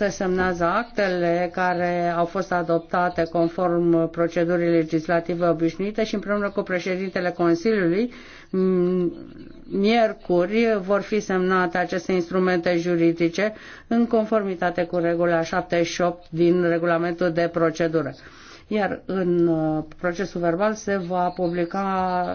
se semnează actele care au fost adoptate conform procedurii legislative obișnuite și împreună cu președintele Consiliului, miercuri vor fi semnate aceste instrumente juridice în conformitate cu regula 78 din regulamentul de procedură. Iar în uh, procesul verbal se va publica